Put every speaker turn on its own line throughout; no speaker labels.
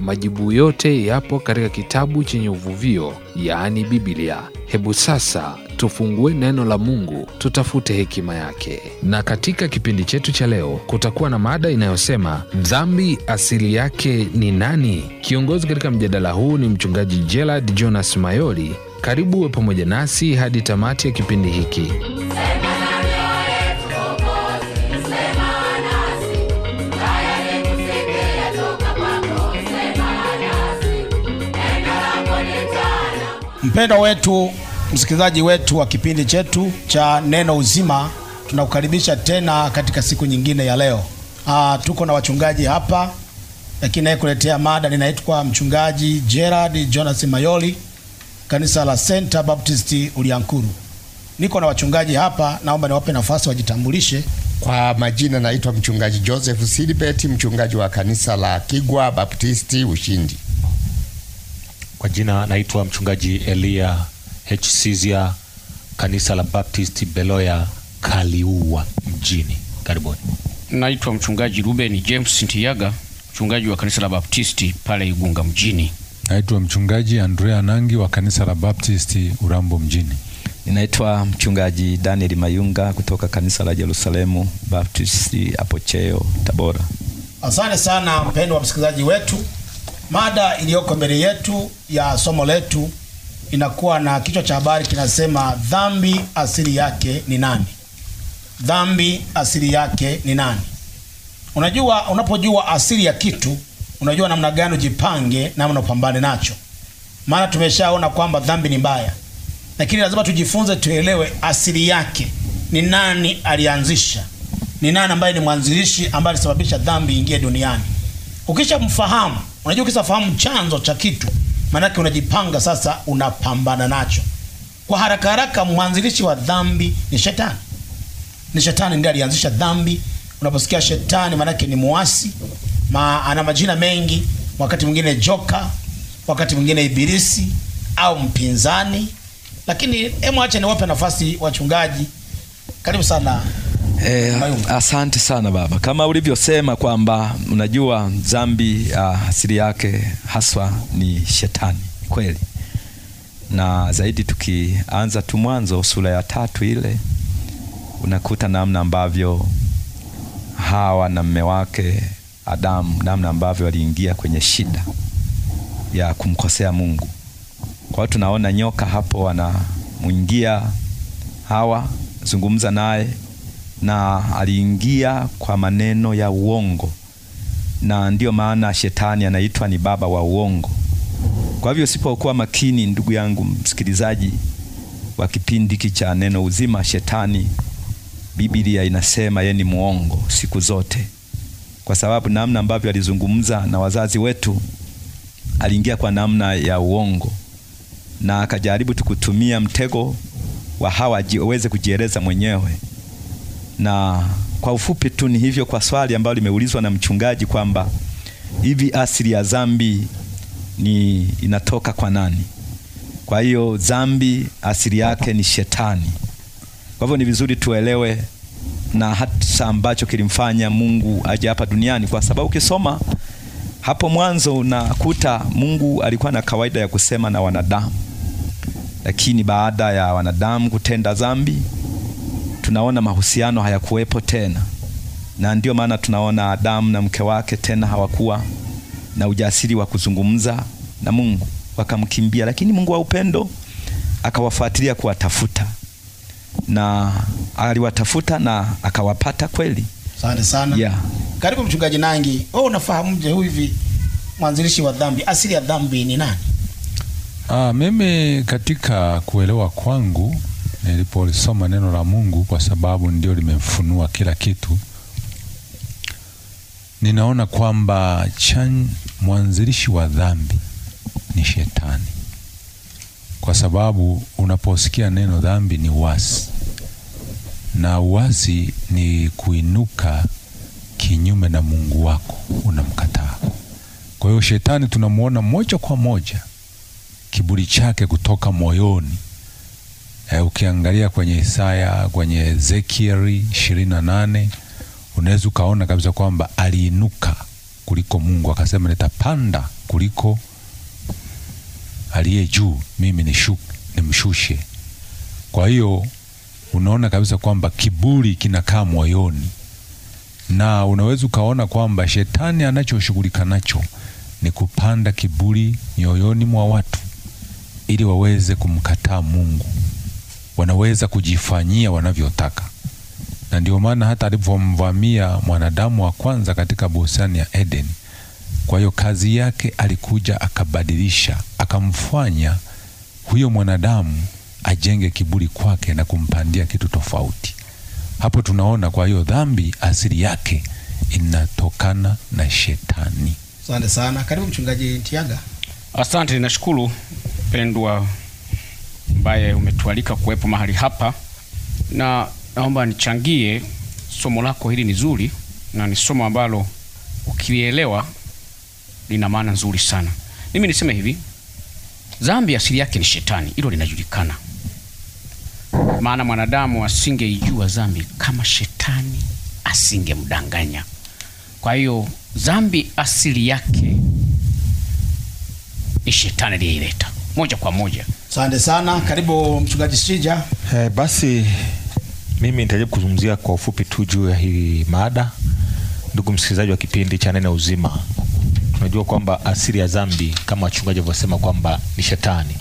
Majibu yote yapo katika kitabu chenye uvuvio, yaani Biblia. Hebu sasa tufungue neno la Mungu, tutafute hekima yake. Na katika kipindi chetu cha leo kutakuwa na mada inayosema dhambi asili yake ni nani? Kiongozi katika mjadala huu ni mchungaji Gerald Jonas mayori Karibu uwe pamoja nasi hadi tamati ya kipindi hiki.
Mpendwa wetu, msikilizaji wetu wa kipindi chetu cha Neno Uzima, tunakukaribisha tena katika siku nyingine ya leo. Aa, ah, tuko na wachungaji hapa, lakini nayekuletea mada ninaitwa Mchungaji Gerard Jonas Mayoli, kanisa la Center Baptist Uliankuru. Niko na wachungaji hapa, naomba niwape nafasi wajitambulishe. Kwa majina naitwa Mchungaji Joseph
Silibeti, mchungaji wa kanisa la Kigwa Baptisti Ushindi. Kwa jina naitwa mchungaji Elia Hcizia, kanisa la Baptist Beloya Kaliua mjini. Karibuni. Naitwa mchungaji
Ruben James Ntiyaga, mchungaji wa kanisa la Baptisti pale Igunga mjini.
Naitwa
mchungaji Andrea Nangi wa kanisa la Baptisti Urambo mjini. Ninaitwa mchungaji Daniel Mayunga kutoka kanisa la Yerusalemu Baptisti Apocheo Tabora.
Asante sana mpendwa msikilizaji wetu. Mada iliyoko mbele yetu ya somo letu inakuwa na kichwa cha habari kinasema, dhambi asili yake ni nani? Dhambi asili yake ni nani? Unajua, unapojua asili ya kitu unajua namna gani ujipange, namna upambane nacho, maana tumeshaona kwamba dhambi ni mbaya, lakini lazima tujifunze, tuelewe asili yake ni nani, alianzisha ni nani, ambaye ni mwanzilishi, ambaye alisababisha dhambi ingie duniani. Ukishamfahamu Unajua, ukishafahamu chanzo cha kitu, maanake unajipanga sasa, unapambana nacho kwa haraka haraka. Mwanzilishi wa dhambi ni shetani, ni shetani ndiye alianzisha dhambi. Unaposikia shetani, maanake ni muasi ma, ana majina mengi, wakati mwingine joka, wakati mwingine ibilisi au mpinzani. Lakini hemu, acha niwape nafasi wachungaji. Karibu sana.
Eh, asante sana baba, kama ulivyosema kwamba unajua dhambi uh, asili yake haswa ni shetani kweli, na zaidi tukianza tu Mwanzo sura ya tatu ile unakuta namna ambavyo Hawa na mme wake Adamu, namna ambavyo waliingia kwenye shida ya kumkosea Mungu. Kwa hiyo tunaona nyoka hapo anamwingia Hawa, zungumza naye na aliingia kwa maneno ya uongo, na ndiyo maana shetani anaitwa ni baba wa uongo. Kwa hivyo usipokuwa makini, ndugu yangu msikilizaji wa kipindi hiki cha Neno Uzima, shetani Biblia inasema yeye ni muongo siku zote, kwa sababu namna ambavyo alizungumza na wazazi wetu, aliingia kwa namna ya uongo na akajaribu tukutumia mtego wa Hawa aweze kujieleza mwenyewe na kwa ufupi tu ni hivyo, kwa swali ambalo limeulizwa na mchungaji kwamba hivi asili ya dhambi ni inatoka kwa nani? Kwa hiyo dhambi asili yake ni shetani. Kwa hivyo ni vizuri tuelewe na hata ambacho kilimfanya Mungu aje hapa duniani, kwa sababu ukisoma hapo mwanzo unakuta Mungu alikuwa na kawaida ya kusema na wanadamu, lakini baada ya wanadamu kutenda dhambi tunaona mahusiano hayakuwepo tena, na ndio maana tunaona Adamu na mke wake tena hawakuwa na ujasiri wa kuzungumza na Mungu, wakamkimbia. Lakini Mungu wa upendo akawafuatilia kuwatafuta, na aliwatafuta na akawapata kweli. Asante sana yeah. Karibu
mchungaji Nangi, wewe unafahamuje huyu hivi mwanzilishi wa dhambi, asili ya dhambi ni nani?
Ah, mimi katika kuelewa kwangu nilipolisoma neno la Mungu, kwa sababu ndio limemfunua kila kitu, ninaona kwamba chan mwanzilishi wa dhambi ni Shetani, kwa sababu unaposikia neno dhambi ni uasi, na uasi ni kuinuka kinyume na Mungu wako, unamkataa. Kwa hiyo Shetani tunamuona moja kwa moja kiburi chake kutoka moyoni E, ukiangalia kwenye Isaya kwenye Ezekieli ishirini na nane unaweza ukaona kabisa kwamba aliinuka kuliko Mungu akasema, nitapanda kuliko aliye juu, mimi nimshushe. Kwa hiyo unaona kabisa kwamba kiburi kinakaa moyoni, na unaweza ukaona kwamba shetani anachoshughulika nacho ni kupanda kiburi mioyoni mwa watu ili waweze kumkataa Mungu wanaweza kujifanyia wanavyotaka, na ndio maana hata alipomvamia mwanadamu wa kwanza katika bustani ya Eden, kwa hiyo kazi yake alikuja akabadilisha, akamfanya huyo mwanadamu ajenge kiburi kwake na kumpandia kitu tofauti. Hapo tunaona kwa hiyo dhambi asili yake inatokana na Shetani.
Asante sana. Karibu Mchungaji Tiaga. Asante, nashukuru pendwa ambaye umetualika kuwepo mahali hapa, na naomba nichangie. Somo lako hili ni zuri na ni somo ambalo ukilielewa lina maana nzuri sana. Mimi niseme hivi, dhambi asili yake ni shetani, hilo linajulikana, maana mwanadamu asingeijua dhambi kama shetani asingemdanganya. Kwa hiyo dhambi asili yake ni shetani aliyeileta moja kwa moja. Asante sana, karibu mchungaji Shija.
Eh, basi mimi nitajaribu kuzungumzia kwa ufupi tu juu ya hii mada. Ndugu msikilizaji wa kipindi cha Neno Uzima, tunajua kwamba asili ya dhambi kama wachungaji wanavyosema kwamba ni Shetani.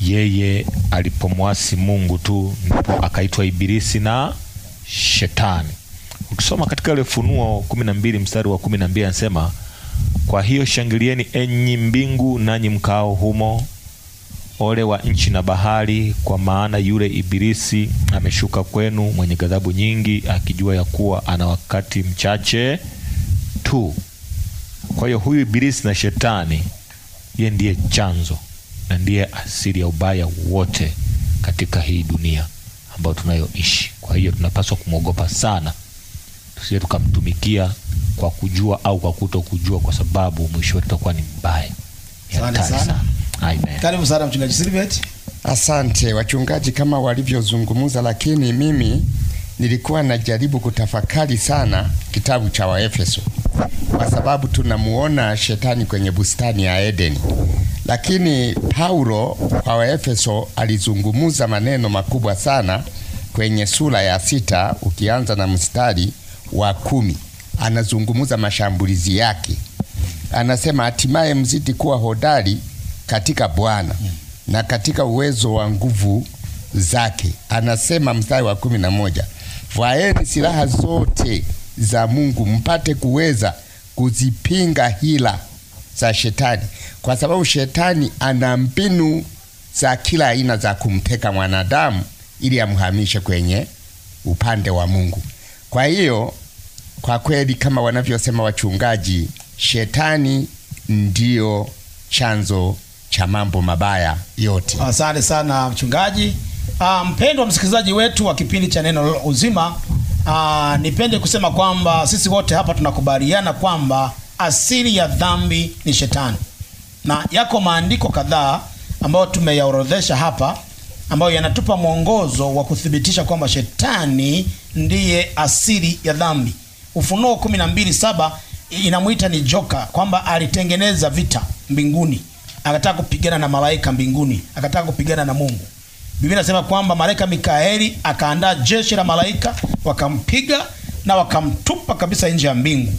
Yeye alipomwasi Mungu tu ndipo akaitwa Ibilisi na Shetani. Ukisoma katika ile Ufunuo kumi na mbili mstari wa kumi na mbili anasema, kwa hiyo shangilieni enyi mbingu, nanyi mkao humo Ole wa nchi na bahari, kwa maana yule Ibilisi ameshuka kwenu mwenye ghadhabu nyingi, akijua ya kuwa ana wakati mchache tu. Kwa hiyo huyu Ibilisi na Shetani, yeye ndiye chanzo na ndiye asili ya ubaya wote katika hii dunia ambayo tunayoishi. Kwa hiyo tunapaswa kumwogopa sana, tusije tukamtumikia kwa kujua au kwa kuto kujua, kwa sababu mwisho wetu utakuwa ni mbaya sana.
Amen. Karibu sana mchungaji Silvet. Asante wachungaji, kama walivyozungumza, lakini mimi nilikuwa najaribu kutafakari sana kitabu cha Waefeso kwa sababu tunamuona shetani kwenye bustani ya Edeni, lakini Paulo kwa Waefeso alizungumuza maneno makubwa sana kwenye sura ya sita ukianza na mstari wa kumi. Anazungumuza mashambulizi yake, anasema hatimaye mzidi kuwa hodari katika Bwana na katika uwezo wa nguvu zake. Anasema mstari wa kumi na moja, vaeni silaha zote za Mungu mpate kuweza kuzipinga hila za shetani, kwa sababu shetani ana mbinu za kila aina za kumteka mwanadamu ili amhamishe kwenye upande wa Mungu. Kwa hiyo kwa kweli, kama wanavyosema wachungaji, shetani ndiyo chanzo
cha mambo mabaya yote. Asante sana mchungaji. Uh, mpendwa msikilizaji wetu wa kipindi cha neno uzima, uh, nipende kusema kwamba sisi wote hapa tunakubaliana kwamba asili ya dhambi ni Shetani, na yako maandiko kadhaa ambayo tumeyaorodhesha hapa ambayo yanatupa mwongozo wa kuthibitisha kwamba Shetani ndiye asili ya dhambi. Ufunuo 12:7 inamwita ni joka, kwamba alitengeneza vita mbinguni akataka kupigana na malaika mbinguni, akataka kupigana na Mungu. Biblia inasema kwamba malaika Mikaeli akaandaa jeshi la malaika, wakampiga na wakamtupa kabisa nje ya mbingu.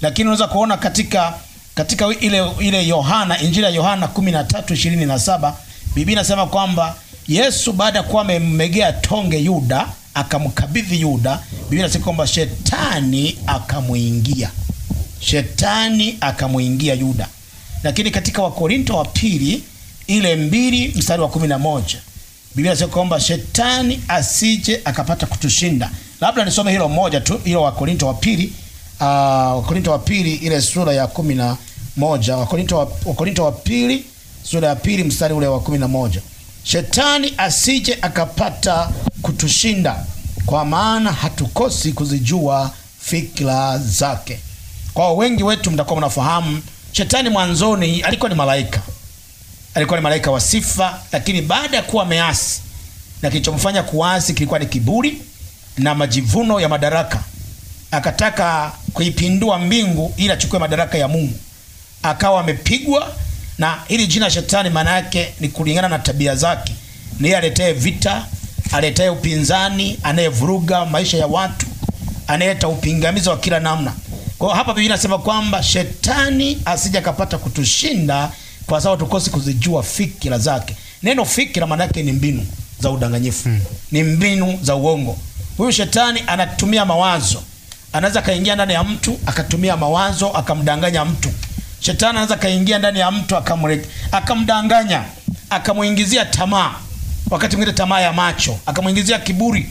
Lakini unaweza kuona katika katika ile ile Yohana, Injili ya Yohana 13:27 Biblia inasema kwamba Yesu baada ya kuwa amemmegea tonge Yuda, akamkabidhi Yuda, Biblia inasema kwamba shetani akamwingia, shetani akamwingia Yuda. Lakini katika Wakorinto wa pili ile mbili mstari wa kumi na moja Biblia inasema kwamba shetani asije akapata kutushinda. Labda nisome hilo moja tu, hilo Wakorinto wa pili uh, Wakorinto wa pili ile sura ya kumi na moja Wakorinto wa, Wakorinto wa pili sura ya pili mstari ule wa kumi na moja Shetani asije akapata kutushinda, kwa maana hatukosi kuzijua fikra zake. Kwa wengi wetu mtakuwa mnafahamu Shetani mwanzoni alikuwa ni malaika, alikuwa ni malaika wa sifa, lakini baada ya kuwa ameasi, na kilichomfanya kuasi kilikuwa ni kiburi na majivuno ya madaraka. Akataka kuipindua mbingu ili achukue madaraka ya Mungu, akawa amepigwa na hili jina Shetani. Maana yake ni kulingana na tabia zake, ni yeye aletaye vita, aletaye upinzani, anayevuruga maisha ya watu, anayeleta upingamizi wa kila namna. Kwa hapa Biblia inasema kwamba shetani asija kapata kutushinda kwa sababu tukosi kuzijua fikira zake. Neno fikira maana yake ni mbinu za udanganyifu hmm. Ni mbinu za uongo. Huyu shetani anatumia mawazo, anaweza kaingia ndani ya mtu akatumia mawazo akamdanganya mtu. Shetani anaweza kaingia ndani ya mtu akamre, akamdanganya, akamuingizia tamaa, wakati mwingine tamaa ya macho, akamuingizia kiburi.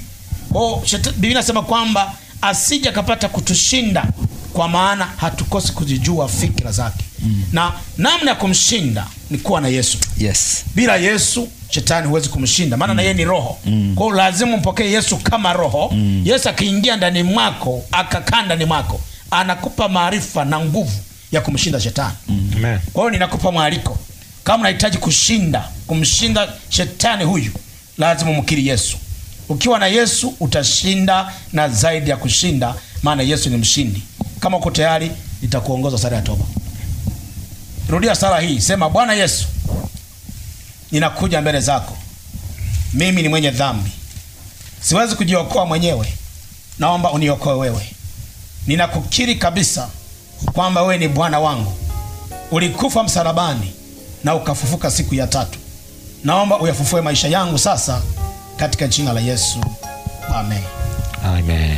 Oh, Biblia inasema kwamba asija kapata kutushinda kwa maana hatukosi kuzijua fikra zake mm. na namna ya kumshinda ni kuwa na Yesu. Yes. Bila Yesu shetani huwezi kumshinda, maana mm. na yeye ni mm. roho mm. kwa hiyo lazima umpokee Yesu kama roho mm. Yesu akiingia ndani mwako akakaa ndani mwako anakupa maarifa na nguvu ya kumshinda shetani mm. kwa hiyo ninakupa mwaliko kama unahitaji kushinda kumshinda shetani huyu, lazima umkiri Yesu. Ukiwa na Yesu utashinda na zaidi ya kushinda, maana Yesu ni mshindi. Kama uko tayari, nitakuongoza sala ya toba. Rudia sala hii, sema: Bwana Yesu, ninakuja mbele zako, mimi ni mwenye dhambi, siwezi kujiokoa mwenyewe, naomba uniokoe wewe. Ninakukiri kabisa kwamba wewe ni Bwana wangu, ulikufa msalabani na ukafufuka siku ya tatu. Naomba uyafufue maisha yangu sasa katika jina la Yesu,
amen, amen.